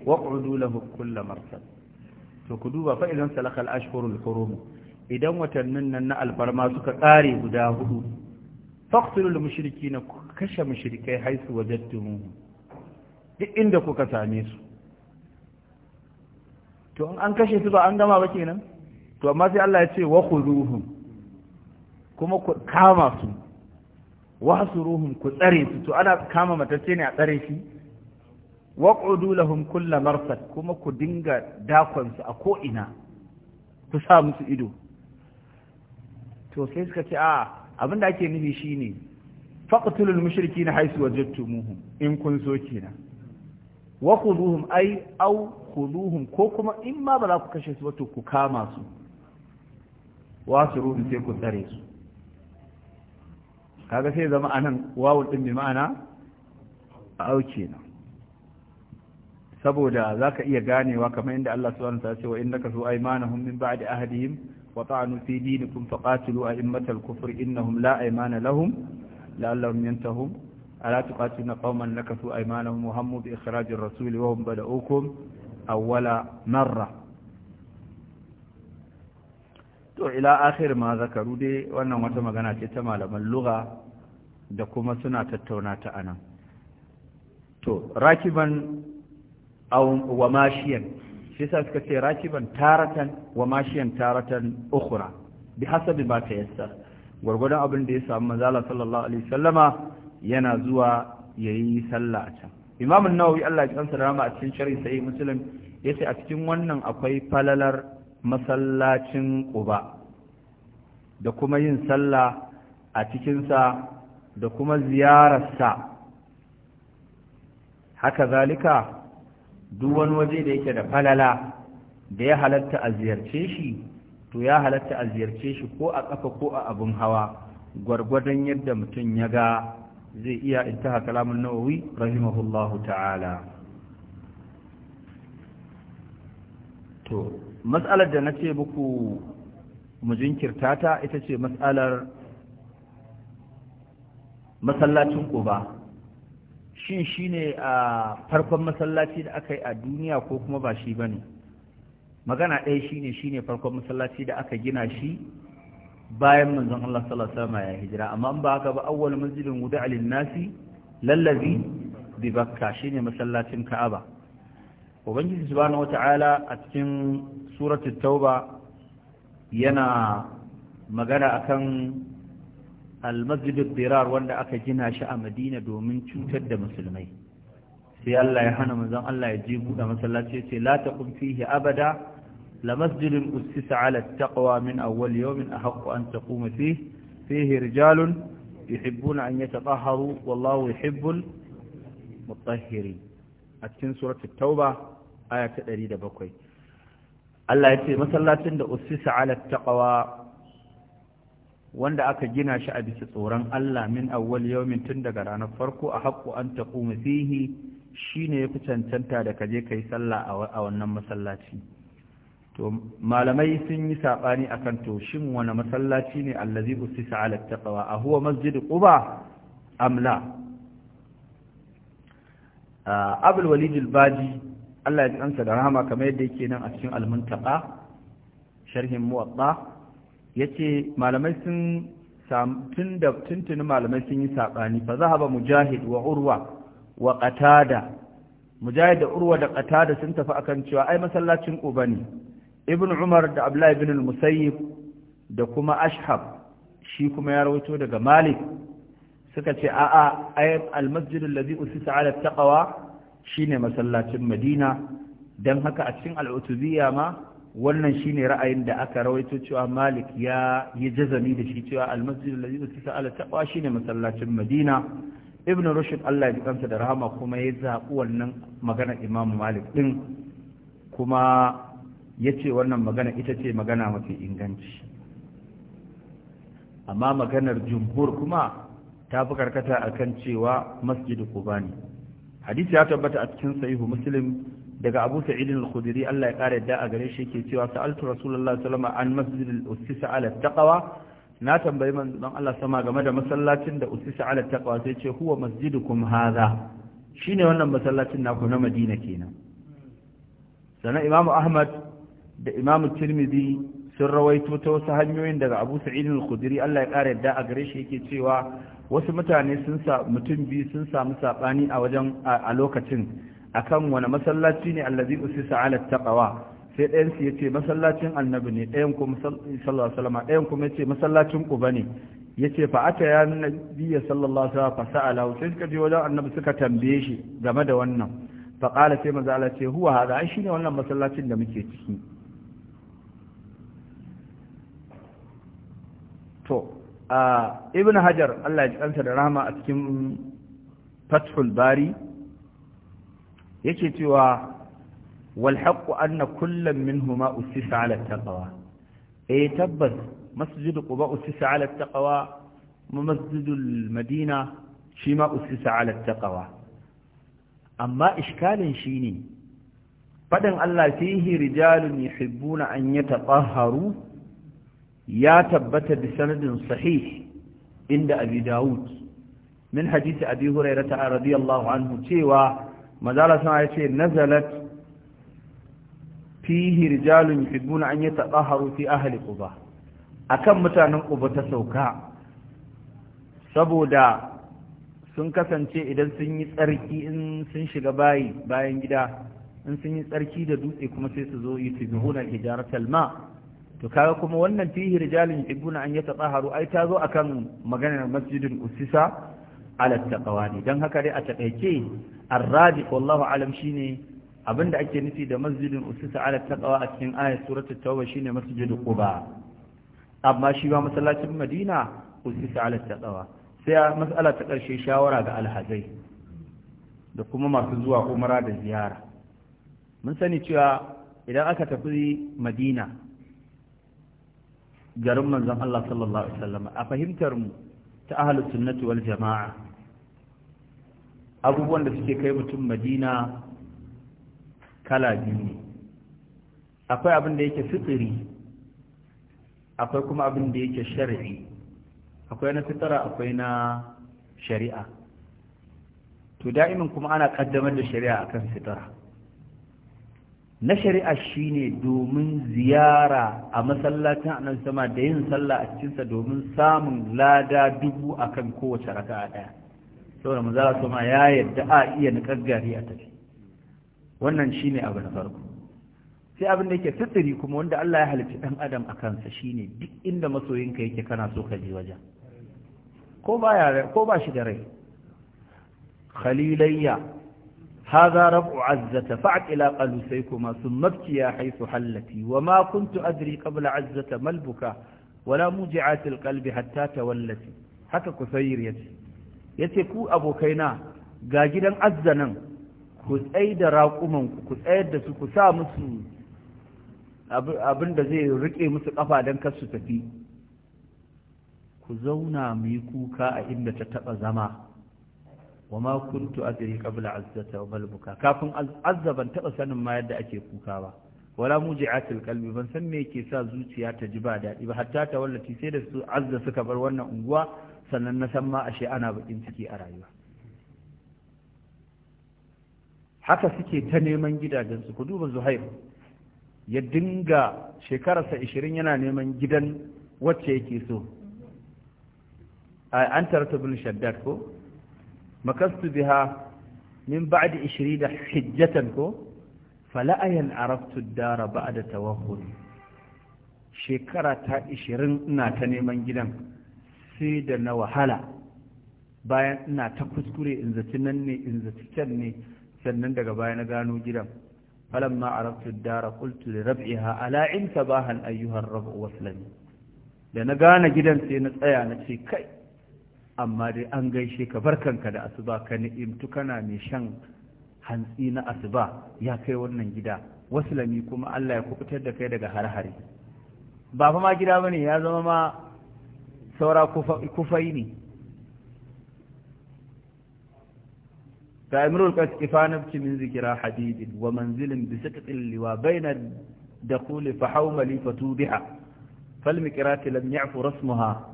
واقعدوا له كل مرصد فكدوبا فإذا انسلخ الأشهر الحرم إذا وتنن أن البرما سكاري هداه فاقتلوا المشركين كش مشركي حيث وجدتموهم دي عندك كساميسو to in an kashe su ba an gama ba kenan to amma sai Allah ya ce wa khuduhum kuma ku kama su wa hasuruhum ku tsare su to ana kama matacce ne a tsare shi wa qudu lahum kulla marsad kuma ku dinga dakon su a ko ina ku sa musu ido to sai suka ce a abinda ake nufi shine faqtulul mushrikeena haythu wajadtumuhum in kun so kenan wa khuduhum ai au khuduhum ko kuma in ma ba za ku kashe su ba to ku kama su wa su sai ku tsare su kaga sai zama anan wawul din bi ma'ana au kenan saboda zaka iya ganewa kamar inda Allah sa wa ta'ala ce wa innaka ba'di ahdihim wa ta'anu fi dinikum faqatilu la aymana lahum la'allahum ألا تقاتلون قوما نكثوا أيمانهم وهموا بإخراج الرسول وهم بدأوكم أول مرة to ila akhir ma zakaru dai wannan wata magana ce ta malaman lugha da kuma suna tattauna anan to rakiban aw wa mashiyan shi sa suka ce rakiban taratan wa taratan ukhra bi hasabi ma tayassar gurgurdan abin da ya samu manzala sallallahu alaihi wasallama yana zuwa ya yi sallah a can imamun nawawi allah ya kansa rama a cikin shari'a sai musulun ya ce a cikin wannan akwai falalar masallacin ƙuba da kuma yin sallah a cikinsa da kuma ziyararsa haka zalika duk wani waje da yake da falala da ya halatta a ziyarce shi to ya halatta a ziyarce shi ko a ƙafa ko a abin hawa gwargwadon yadda mutum ya ga zai iya intaha kalamun nawawi rahimahullahu ta'ala to matsalar da na ce muku mu jinkirta ta ita ce matsalar masallacin ƙuba shin shi ne a farkon masallaci da aka yi a duniya ko kuma ba shi ba ne magana ɗaya shi ne shi ne farkon masallaci da aka gina shi bayan manzon Allah sallallahu alaihi wasallam ya hijira amma an ba haka ba awwal manzilin wuda'a lin-nasi lallazi bi bakka shine masallacin Ka'aba ubangiji subhanahu wata'ala a cikin surati tauba yana magana akan almasjidul dirar wanda aka gina shi a madina domin cutar da musulmai sai Allah ya hana manzon Allah ya je buɗe masallaci sai, ce la taqum fihi abada لمسجد أسس على التقوى من أول يوم أحق أن تقوم فيه فيه رجال يحبون أن يتطهروا والله يحب المطهرين أتين سورة التوبة آية تأريد بكوي الله يتي مثلا تند أسس على التقوى wanda aka gina shi a bisa tsoron Allah min awwal yawmin tun daga ranar farko a haƙƙo an taqumu fihi shine yafi cancanta da kaje kai sallah a wannan masallaci to malamai sun yi saɓani akan to shin wani masallaci ne allazi usisa ala taqwa a huwa masjid quba Amla. abul walid al baji Allah ya ji da rahama kamar yadda yake nan a cikin al-muntaqa sharhin muwatta yace malamai sun tun da tuntuni malamai sun yi saɓani fa zahaba mujahid wa urwa wa qatada mujahid da urwa da qatada sun tafi akan cewa ai masallacin quba ne ibn umar da abdullahi ibn musayyib da kuma ashab shi kuma ya rawaito daga malik suka ce a'a ayyar almasjidin lazi usisa ala taqawa shine masallacin madina don haka a cikin al'utubiyya ma wannan shine ra'ayin da aka rawaito cewa malik ya yi jazami da shi cewa almasjidin lazi usisa ala taqawa shine masallacin madina ibn rushd Allah ya kansa da rahama kuma ya zaɓi wannan maganar imam malik din kuma ya ce wannan magana ita ce magana mafi inganci amma maganar jumhur kuma ta fi karkata a kan cewa masjidu kuba ne hadisi ya tabbata a cikin sahihu muslim daga abu sa'idin al khudiri Allah ya kare da a gare shi yake cewa sa'altu rasulullahi sallallahu alaihi wasallam an ussisa ala taqwa na tambayi manzon Allah sama game da masallacin da ussisa ala taqwa sai ce huwa masjidukum hadha shine wannan masallacin naku na Madina kenan sanan imamu Ahmad da imamu tirmidhi sun rawaito ta wasu hanyoyin daga abu sa'id al-khudri Allah ya kare yadda a gare shi yake cewa wasu mutane sun sa mutum biyu sun samu saɓani a wajen a lokacin akan wani masallaci ne allazi usisa ala taqwa sai ɗayan su yace masallacin annabi ne ɗayan kuma sallallahu alaihi wasallam ɗayan kuma yace masallacin kuba ne yace fa ata ya nabi sallallahu alaihi wasallam fa sa'ala sai suka je wajen annabi suka tambaye shi game da wannan fa qala sai manzo Allah ce huwa hada ai ne wannan masallacin da muke ciki to a ibn hajar Allah ya kansa da rahama a cikin fathul bari yake cewa wal haqqu anna kullam minhuma usisa ala taqwa eh tabbas masjid quba usisa ala taqwa masjidul madina shi ma usisa ala taqwa amma iskalin shine fadin Allah fihi rijalun yuhibbuna an yataqahharu ya tabbata da sanadin sahih inda abi dawud min hadisi abi ta radiyallahu anhu cewa mazala sama ya ce nazalat fihi rijalun yuhibbuna an yatahharu fi ahli quba akan mutanen quba ta sauka saboda sun kasance idan sun yi tsarki in sun shiga bayi bayan gida in sun yi tsarki da dutse kuma sai su zo yi tuzuna hijaratal ma to kaga kuma wannan fihi rijalun yuhibbuna an tsaharu ai ta zo akan maganar masjidin usisa ala taqawani dan haka dai a takeice arradi wallahu alam shine abinda ake nufi da masjidin usisa ala taqawa a cikin ayat suratul tauba shine masjidul quba amma shi ba masallacin madina usisa ala taqawa sai mas'ala ta karshe shawara ga alhazai da kuma masu zuwa umara da ziyara mun sani cewa idan aka tafi madina garin manzon Allah sallallahu alaihi wasallam a fahimtar mu ta ahlus sunnati wal jama'a abubuwan da suke kai mutum Madina kala biyu ne akwai abin da yake fitiri akwai kuma abin da yake shari'i akwai na fitara akwai na shari'a to da'imin kuma ana kaddamar da shari'a akan fitara na shari'a shi ne domin ziyara a masallacin annabi sama da yin sallah a cikinsa domin samun lada dubu akan kowace raka ɗaya saboda su ma ya yadda a iya na gari a tafi wannan shi ne abu na farko sai abin da yake tattari kuma wanda Allah ya halarci ɗan adam a kansa shi ne duk inda masoyinka yake kana so ka je wajen ko ba shi da rai khalilayya هذا رفع عزة فاعتلا قلوسيكما ثم ابكيا حيث حلتي وما كنت أدري قبل عزة ما البكاء ولا موجعات القلب حتى تولتي حتى كثير يتي يتكو أبو كينا قاجدا عزنا كنت أيد راقما كنت أيد سكسا مسلم abin da zai rike musu kafa don kar su tafi ku zauna mu yi kuka a inda ta taba zama wa ma kuntu adri qabla azzata wa bal buka kafin azzaban ban taba sanin ma yadda ake kuka ba wala muji'atul qalbi ban san me yake sa zuciya ta ji ba daɗi ba hatta ta wallaci sai da su azza suka bar wannan unguwa sannan na san ma ashe ana bakin ciki a rayuwa haka suke ta neman gidajen su ku duba zuhair ya dinga shekararsa ishirin yana neman gidan wacce yake so an tarata bin shaddad ko makastu biha min ba'di 20 hijjatan ko fala'ayan arabtu dara ba'da tawahhul shekara ta 20 ina ta neman gidan sai da na wahala bayan ina ta kuskure in zaci nan ne in zaci can ne sannan daga baya na gano gidan falamma arabtu dara qultu li rab'iha ala in tabahan ayyuha ar-rab'u da na gane gidan sai na tsaya na ce kai amma dai an gaishe ka barkanka da asuba ka ni'imtu kana mai shan hantsi na asuba ya kai wannan gida wasulami kuma Allah ya kubutar da kai daga har hari ba fa ma gida bane ya zama ma saura kufai ne ga imrul qas ifanabti min zikira hadidin wa manzilin bi saqatil liwa bayna dakhuli fa hawmali fatubiha fal lam ya'fu rasmuha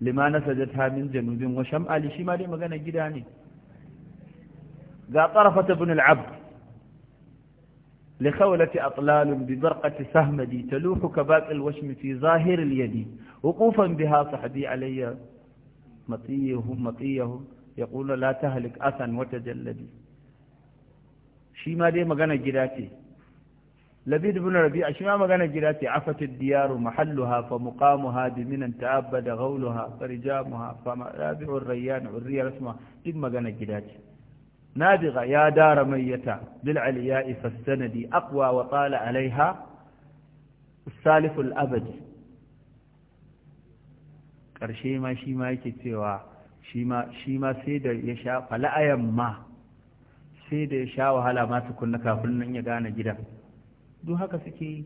limana sajata min janubin wa shamali shi ma dai magana gida ne ga qarafa ibn al-abd li khawlati bi barkati sahmadi taluhu ka baq zahir yadi wa biha sahbi alayya matiyuhu matiyuhu yaqulu la tahlik asan wa tajalladi shi ma dai magana gida ce labid ibn rabi'a shi ma magana gida ce afatid diyaru mahalluha fa muqamuha bi minan ta'abbada ghawluha farjamuha fa marabi'u rayyan urriya rasma duk magana gida ce nabiga ya dara mayyata bil aliya'i fastanadi aqwa wa tala alaiha salif al abadi karshe ma shi ma yake cewa shi ma shi ma sai da ya sha fala'ayan ma sai da ya sha wahala ma tukunna kafin nan ya gane gidan duk haka suke yi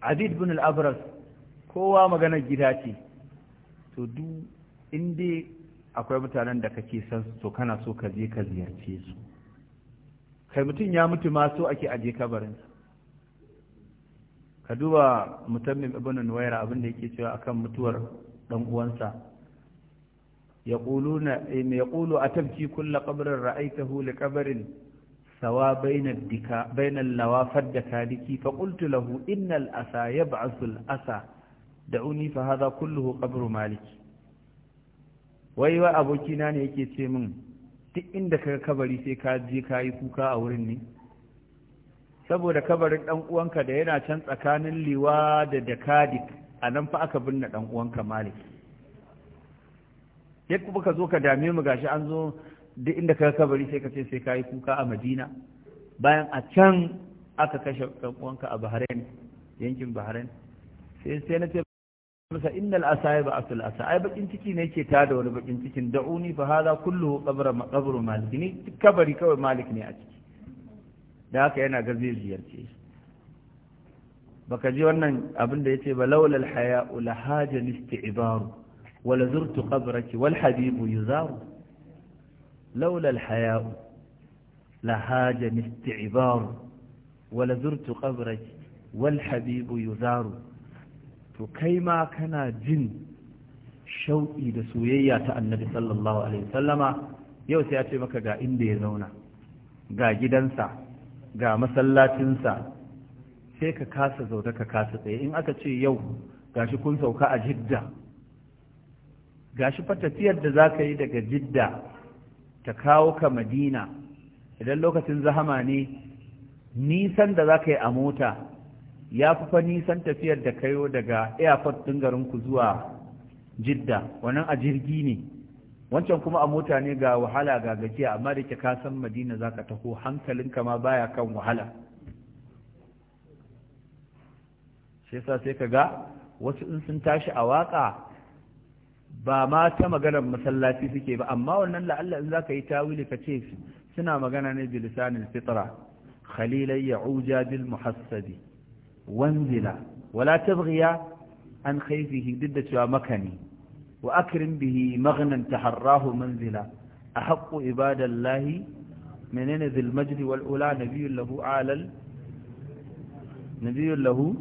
abid bin al-abras kowa maganar gida ce to duk in akwai mutanen da kake san to kana so ka je ka ziyarce su kai mutum ya mutu ma so ake aje kabarinsa ka duba mutumin ibn nuwaira abin da yake cewa akan mutuwar dan uwansa yaquluna in eh, yaqulu atabki kull qabrin ra'aytahu li qabrin sawa bainan lawafar da kadiki faƙultu lahu innal asa ya ba'asul asa da'uni fa haza kulluhu qabru maliki wai abokina ne yake ce min duk inda kaga kabari sai ka je ka yi kuka a wurin ne saboda kabarin dan uwanka da yana can tsakanin liwa da dakadik a fa aka binne ɗan uwanka maliki sai kuma ka zo ka dame mu gashi an zo duk inda ka kabari sai ka ce sai ka yi kuka a madina bayan a can aka kashe uwanka a bahrain yankin bahrain sai sai na ce masa innal asaiba asul asa ai bakin ciki ne yake tada wani bakin cikin da'uni fa hadha kulluhu qabra qabru malik ne kabari kawai malik ne a ciki da haka yana ga zai ziyarce baka ji wannan abin da yace ba laula al haya ula haja isti'baru wa zurtu qabraki wal habibu yuzaru لولا الحياء لهاجني استعبار ولزرت قبرك والحبيب يزار تكيما كان جن شوقي da soyayya ta annabi sallallahu alaihi yau sai ya ce maka ga inda ya zauna ga gidansa ga masallacinsa sai ka kasa zaune ka kasa tsaye in aka ce yau gashi kun sauka a jidda gashi fa tafiyar da za ka yi daga jidda ta kawo ka madina idan lokacin zahama ne nisan da za ka yi a mota ya fi fa nisan tafiyar da kayo daga airport ɗin garinku zuwa jidda wannan a jirgi ne wancan kuma a mota ne ga wahala ga gajiya amma da ke kasan madina za ka taho hankalinka ma baya kan wahala sai sa sai ka ga wasu in sun tashi a waka. ba ma ta maganar masallaci suke ba amma wannan la'alla in ka yi tawili ka ce suna magana ne bi lisanin fitra khalilai ya'uja bil muhassabi wanzila wala tabghiya an khayfihi duk da cewa makani wa akrim bihi maghnan taharrahu manzila أحق عباد الله منين ذي المجد والأولى نبي له أعلى نبي lahu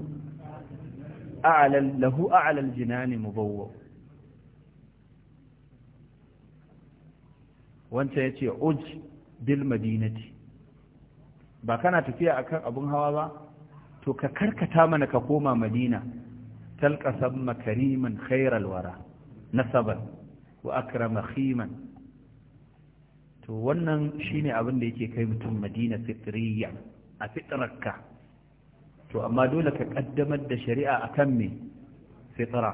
أعلى له أعلى wancan ya ce uj bil madinati ba kana tafiya akan abun hawa ba to ka karkata mana ka koma madina talqa samma kariman khairal wara nasaban wa akrama khiman to wannan shine abin da yake kai mutum madina fitriya a fitrarka to amma dole ka kaddamar da shari'a akan me fitra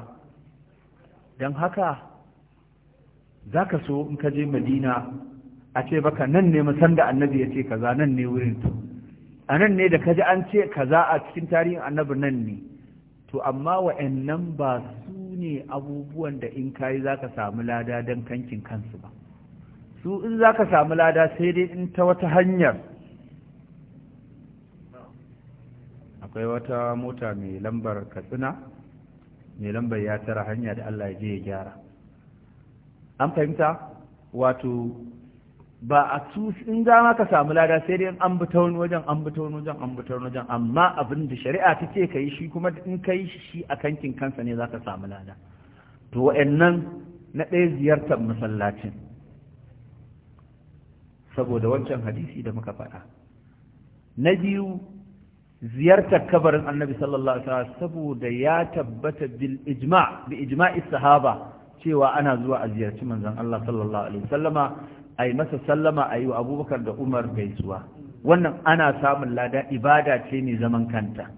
dan haka za ka so in ka je madina a ce baka nan ne musan da annabi ya ce kaza nan ne wurin to a nan ne da kaji an ce kaza a cikin tarihin annabi nan ne to amma wa'annan ba su ne abubuwan da in ka yi za ka samu lada don kankin kansu ba su in za ka samu lada sai dai in ta wata hanyar akwai wata mota mai lambar katsina mai lambar ya tara hanya da allah ya je ya gyara an fahimta wato ba a in za ka samu lada sai dai an bi wani wajen an bi wani wajen an bi wani wajen amma abin da shari'a ta ce ka yi shi kuma in ka yi shi a kankin kansa ne za ka samu lada to wa'annan na ɗaya ziyartar masallacin saboda wancan hadisi da muka faɗa na biyu ziyartar kabarin annabi sallallahu alaihi wasallam saboda ya tabbata bil ijma' bi ijma'is sahaba cewa ana zuwa a ziyarci manzon Allah sallallahu alaihi wasallama a yi masa sallama a yi wa abubakar da umar gaisuwa wannan ana samun lada ibada ce ne zaman kanta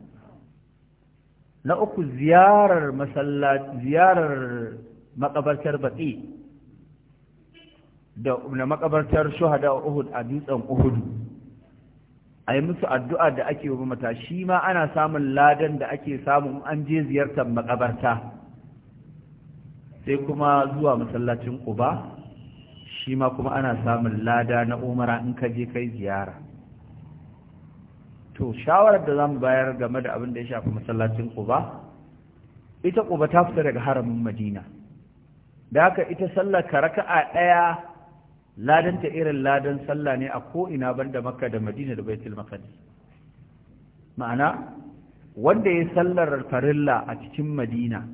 na uku ziyarar ziyarar makabartar baƙi da na makabartar shuhada uhud a dutsen uhudu a yi musu addu'a da ake wa mata shi ma ana samun ladan da ake samun an je ziyartar makabarta sai kuma zuwa masallacin Quba shi ma kuma ana samun lada na umara in ka je kai ziyara to shawarar da zamu bayar game da abin da ya shafi masallacin Quba ita Quba ta fita daga haramin Madina da haka ita sallar ka raka'a ɗaya ladanta irin ladan sallah ne a ko ina banda makka da madina da baitul maqdis ma'ana wanda ya sallar farilla a cikin madina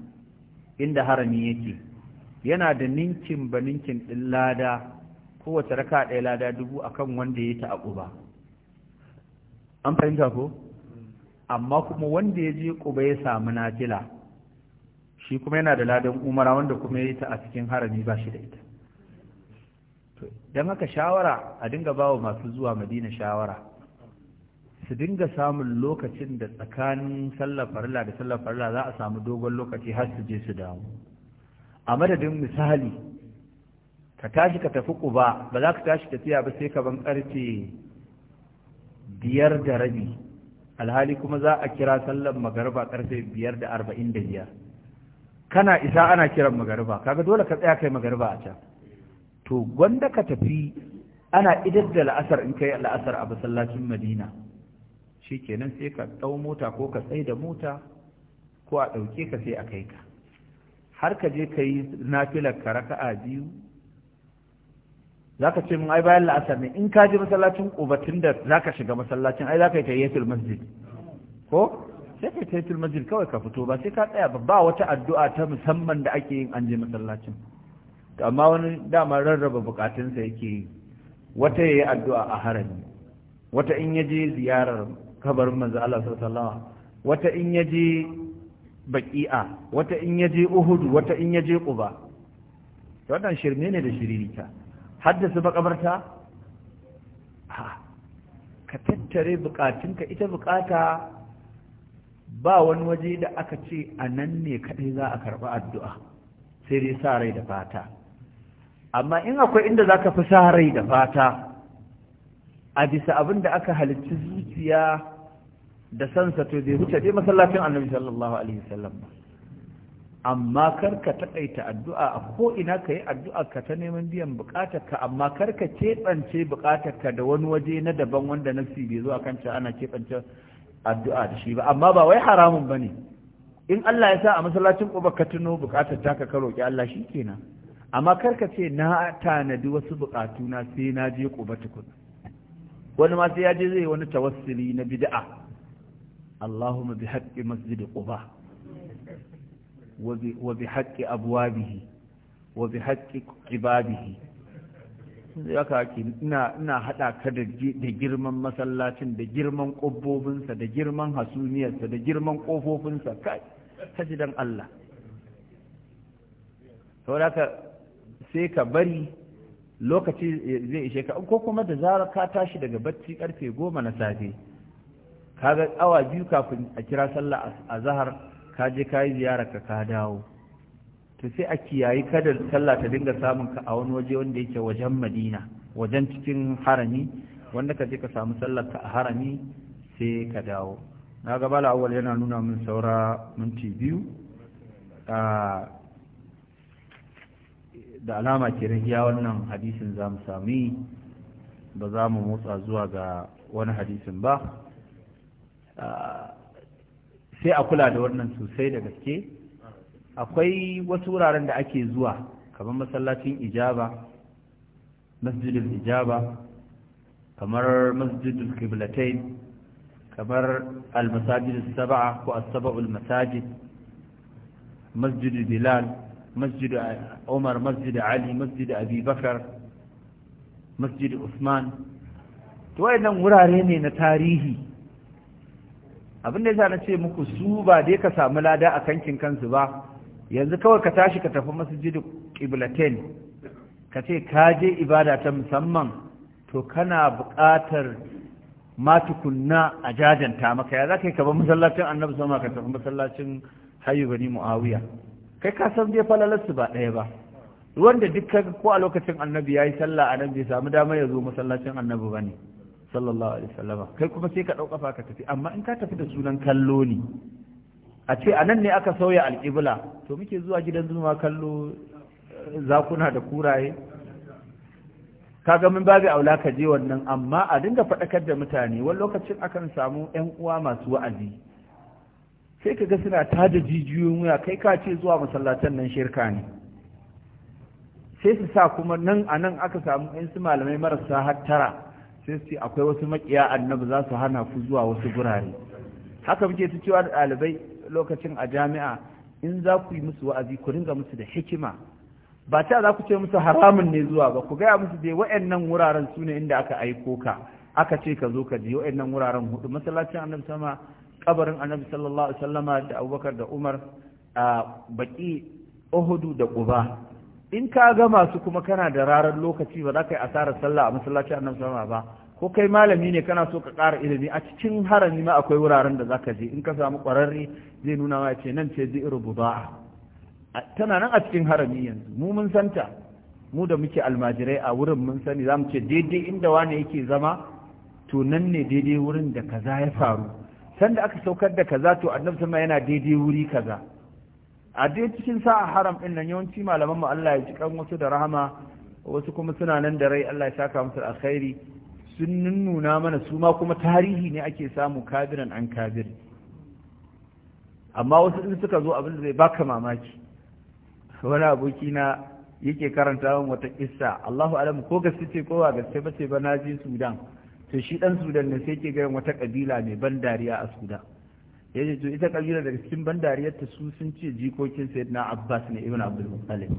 inda harami yake yana da ninkin ba ninkin ɗin lada kowace raka ɗaya lada dubu akan wanda ya ta ƙuba. an fahimta ko amma kuma wanda ya je ƙuba ya samu najila shi kuma yana da ladan umara wanda kuma ya ta a cikin harami ba shi da ita don haka shawara a dinga ba wa masu zuwa madina shawara su dinga samun lokacin da tsakanin sallar farilla da sallar farilla za a samu dogon lokaci har su je su damu. a madadin misali ka tashi ka tafi ƙuba ba za ka tashi tafiya ba sai ka ban karfe biyar da rabi alhali kuma za a kira sallar magarba ƙarfe biyar da arba'in da biyar kana isa ana kiran magarba kaga dole ka tsaya kai magarba a can to gwanda ka tafi ana idar da la'asar in kai la'asar a masallacin madina shi kenan sai ka ɗau mota ko ka tsaye da mota ko a ɗauke ka sai a kai ka har ka je ka yi nafilar ka raka'a biyu za ka ce mun ai bayan la'asar ne in ka je masallacin ƙubatun da za ka shiga masallacin ai za ka yi tayyatul masjid ko sai ka yi tayyatul masjid kawai ka fito ba sai ka tsaya ba ba wata addu'a ta musamman da ake yin an je masallacin amma wani dama rarraba bukatunsa yake yi wata ya yi addu'a a harami wata in ya je ziyarar kabarin manzo Allah sallallahu wata in yaje baqi'a wata in yaje uhud wata in yaje quba wannan shirme ne da shiririta haddasa ha ka tattare bukatunka ita bukata ba wani waje da aka ce a nan ne kadai za a karba addu'a sai dai sa rai da fata amma in akwai inda za ka fi sa rai da fata a bisa abin da aka halicci zuciya da sansa to zai wuce dai masallacin annabi sallallahu alaihi wasallam amma kar ka taƙaita addu'a a ko'ina ka yi addu'a ka ta neman biyan ka amma kar ka keɓance ka da wani waje na daban wanda nafsi bai zo a kan ana keɓance addu'a da shi ba amma ba wai haramun ba ne in Allah ya sa a masallacin ƙuba ka tuno buƙatar ta ka roƙi Allah shi kenan amma kar ka ce na tanadi wasu na sai na je ƙuba tukuna wani ma sai ya je zai wani tawassuli na bid'a Allahumma bi haqqi masjid Quba wa bi haqqi abwabihi wa bi haqqi ibadihi ki ina ina hada ka da girman masallacin da girman sa da girman hasumiyarsa da girman ƙofofinsa kai kaji dan Allah saboda sai ka bari lokaci zai ishe ka ko kuma da zarar ka tashi daga bacci karfe goma na safe ka ga awa biyu kafin a kira sallah a zahar ka je ka yi ziyarar ka ka dawo to sai a kiyayi kada sallah ta dinga samun ka a wani waje wanda yake wajen madina wajen cikin harami wanda ka je ka samu sallar ka a harami sai ka dawo na gaba la'awal yana nuna min saura minti biyu ah, da alama kenan iya wannan hadisin za mu sami ba za mu motsa zuwa ga wani hadisin ba sai a kula da wannan sosai da gaske akwai wasu wuraren da ake zuwa kamar masallacin ijaba masjidul ijaba kamar masjidul qiblatain kamar almasajid saba'a ko as masajid masjidul bilal masjid umar masjid ali masjid abubakar masjid usman to wayannan wurare ne na tarihi abin da yasa na ce muku su ba dai ka samu lada a kankin kansu ba yanzu kawai ka tashi ka tafi masjid qiblatain ka ce ka je ibada ta musamman to kana buƙatar matukunna a jajanta maka ya za ka yi ka bar masallacin annabi sama ka tafi masallacin hayu bani mu'awiya kai ka san dai falalarsu ba ɗaya ba wanda duk ko a lokacin annabi ya yi sallah a nan bai samu damar ya zo masallacin annabi ba ne sallallahu alaihi wasallama kai kuma sai ka ɗauka ka tafi amma in ka tafi da sunan kallo ne a ce a nan ne aka sauya alƙibla to muke zuwa gidan zuma kallo zakuna da kuraye Ka ga min babu aula ka je wannan amma a dinga faɗakar da mutane wani lokacin akan samu ƴan uwa masu wa'azi sai ka ga suna tada jijiyoyin wuya kai ka ce zuwa masallatan nan shirka ne sai su sa kuma nan a nan aka samu in su malamai marasa hattara sai su akwai wasu makiya annabi za su hana ku zuwa wasu gurare haka muke ta cewa da ɗalibai lokacin a jami'a in za ku yi musu wa'azi ku ringa musu da hikima ba ta za ku ce musu haramun ne zuwa ba ku gaya musu dai wa'annan wuraren su ne inda aka aiko ka aka ce ka zo ka je wa'annan wuraren hudu masallacin annabi sama kabarin annabi sallallahu alaihi wasallama da abubakar da umar a baki Ohudu da quba in ka ga masu kuma kana da rarar lokaci ba za ka yi asarar sallah a masallaci annabi sallallahu ba ko kai malami ne kana so ka ƙara ilimi a cikin harami ma akwai wuraren da za ka je in ka samu ƙwararre zai nuna ma ce nan ce zai buda'a tana nan a cikin harami yanzu mu mun santa mu da muke almajirai a wurin mun sani za mu ce daidai inda wane yake zama to nan ne daidai wurin da kaza ya faru sanda aka saukar da kaza to annabi sama yana daidai wuri kaza a dai cikin sa'a haram din nan yawanci malaman mu Allah ya ji kan wasu da rahama wasu kuma suna nan da rai Allah ya saka musu alkhairi sun nuna mana su ma kuma tarihi ne ake samu kabiran an kabir amma wasu din suka zo abin da zai baka mamaki wani aboki na yake karanta wata kissa Allahu alam ko gaske ce ko ba gaske ba ce ba na je Sudan to shi dan sudan ne sai ke ga wata kabila mai ban dariya a suda. yaje to ita kabila daga cikin ban dariyar ta su sun ce jikokin na abbas ne ibn abdul muttalib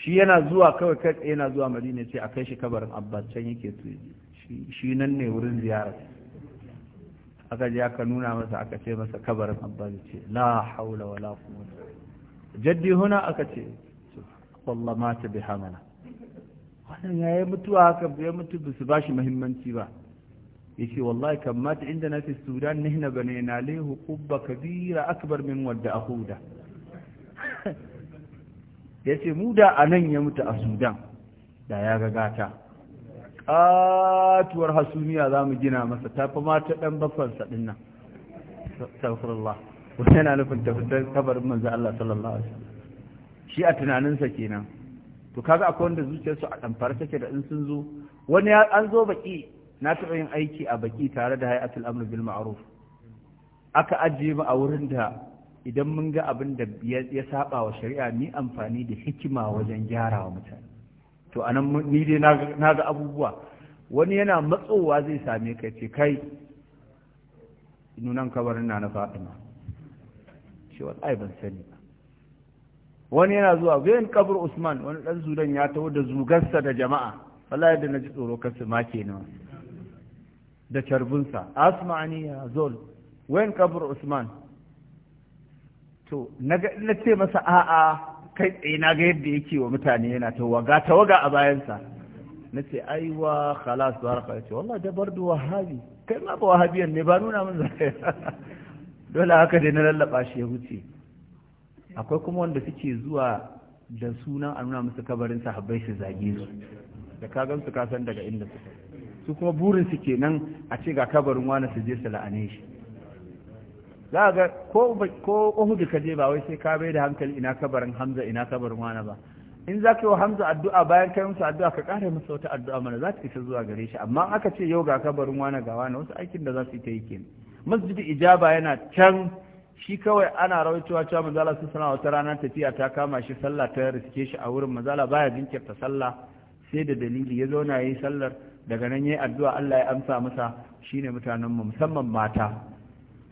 shi yana zuwa kawai kai yana zuwa madina ce a kai shi kabarin abbas can yake to shi nan ne wurin ziyara aka je aka nuna masa aka ce masa kabarin abbas ce la haula wala quwwata jaddi huna aka ce wallahi mata bi hamala wannan ya yi mutuwa haka ya mutu ba su ba shi mahimmanci ba ya ce wallahi kammata inda na fi sudan na bane na le hukubba kabira akbar min wadda a huda ya ce mu da a nan ya mutu a sudan da ya ga gata. katuwar hasumiya za mu gina masa ta fi mata ɗan bakwai saɗin nan sarfurullah wani yana nufin tafitar kabarin manzan Allah sallallahu alaihi wasallam shi a tunaninsa kenan to kaga akwai wanda zuciyarsu a ɗamfara take da in sun zo wani an zo baki na taɓa yin aiki a baki tare da hay'atul amr bil ma'ruf aka ajiye mu a wurin da idan mun ga abin da ya saba wa shari'a ni amfani da hikima wajen gyara wa mutane to anan ni dai na ga abubuwa wani yana matsowa zai same ka ce kai nunan kabarin na na fatima. shi wallahi ban sani ba wani yana zuwa bayan kabur usman wani dan zudan ya taho da zugarsa da jama'a wallahi da ji tsoro kasu ma kenan da carbinsa asma'ani ya zol wayan kabur usman to na ce masa a'a kai tsaye na ga yadda yake wa mutane yana tawa ga waga a bayansa na ce aiwa khalas baraka ya ce wallahi da bardu wahabi kai ma ba wahabiyan ne ba nuna min zai dole haka dai na lallaba shi ya huce akwai kuma wanda suke zuwa da sunan a nuna musu kabarin sahabbai su zage su da ka gamsu ka san daga inda su su kuma burin su kenan a ce ga kabarin wani su je su la'ane shi za ga ko ko Uhud ka je ba wai sai ka bai da hankali ina kabarin Hamza ina kabarin wani ba in za ka yi wa Hamza addu'a bayan kai musu addu'a ka ƙara masa wata addu'a mana za ta isa zuwa gare shi amma aka ce yau ga kabarin wani ga wani wasu aikin da za su yi ta yi kenan masjidi ijaba yana can shi kawai ana rawaitowa cewa manzala sun sana wata rana tafiya ta kama shi sallah ta riske shi a wurin manzala baya jinkirta sallah sai da dalili ya zauna yi sallar daga nan ya yi addu'a Allah ya amsa masa shi ne mutanen mu musamman mata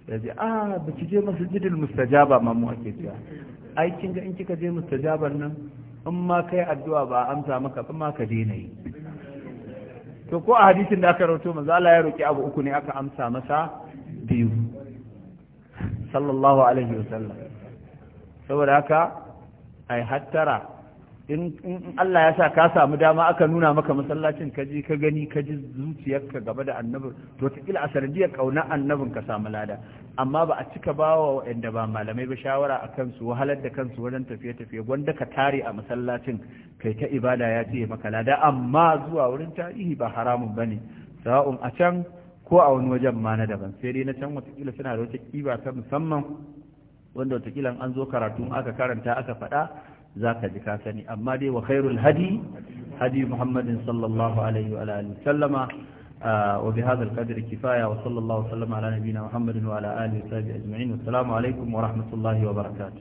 da ji ah ba ki je masjidil mustajaba ma mu ake cewa ai kin ga in kika je mustajabar nan in ma kai addu'a ba a amsa maka ba ma ka daina yi to ko a hadisin da aka rawaito manzo ya roki abu uku ne aka amsa masa biyu sallallahu alaihi wasallam saboda haka ai hattara in Allah ya sa ka samu dama aka nuna maka masallacin ka ji ka gani ka zuciyarka gaba da annabi to ta kila a sanadiyar kauna annabin ka samu lada amma ba a cika ba wa waɗanda ba malamai ba shawara a kansu wahalar da kansu wajen tafiye-tafiye wanda ka tare a masallacin kai ta ibada ya ce maka lada amma zuwa wurin tarihi ba haramun bane ne sa'un a can ko a wani wajen ma na daban sai dai na can watakila suna da wata kiba ta musamman wanda watakila an zo karatu aka karanta aka faɗa za ka ji ka sani amma dai wa khairul hadi hadi muhammadin sallallahu alaihi wa alihi sallama wa bi hadha al-qadr kifaya wa sallallahu sallama ala nabiyyina muhammadin wa ala alihi wa sahbihi ajma'in assalamu alaikum wa rahmatullahi wa barakatuh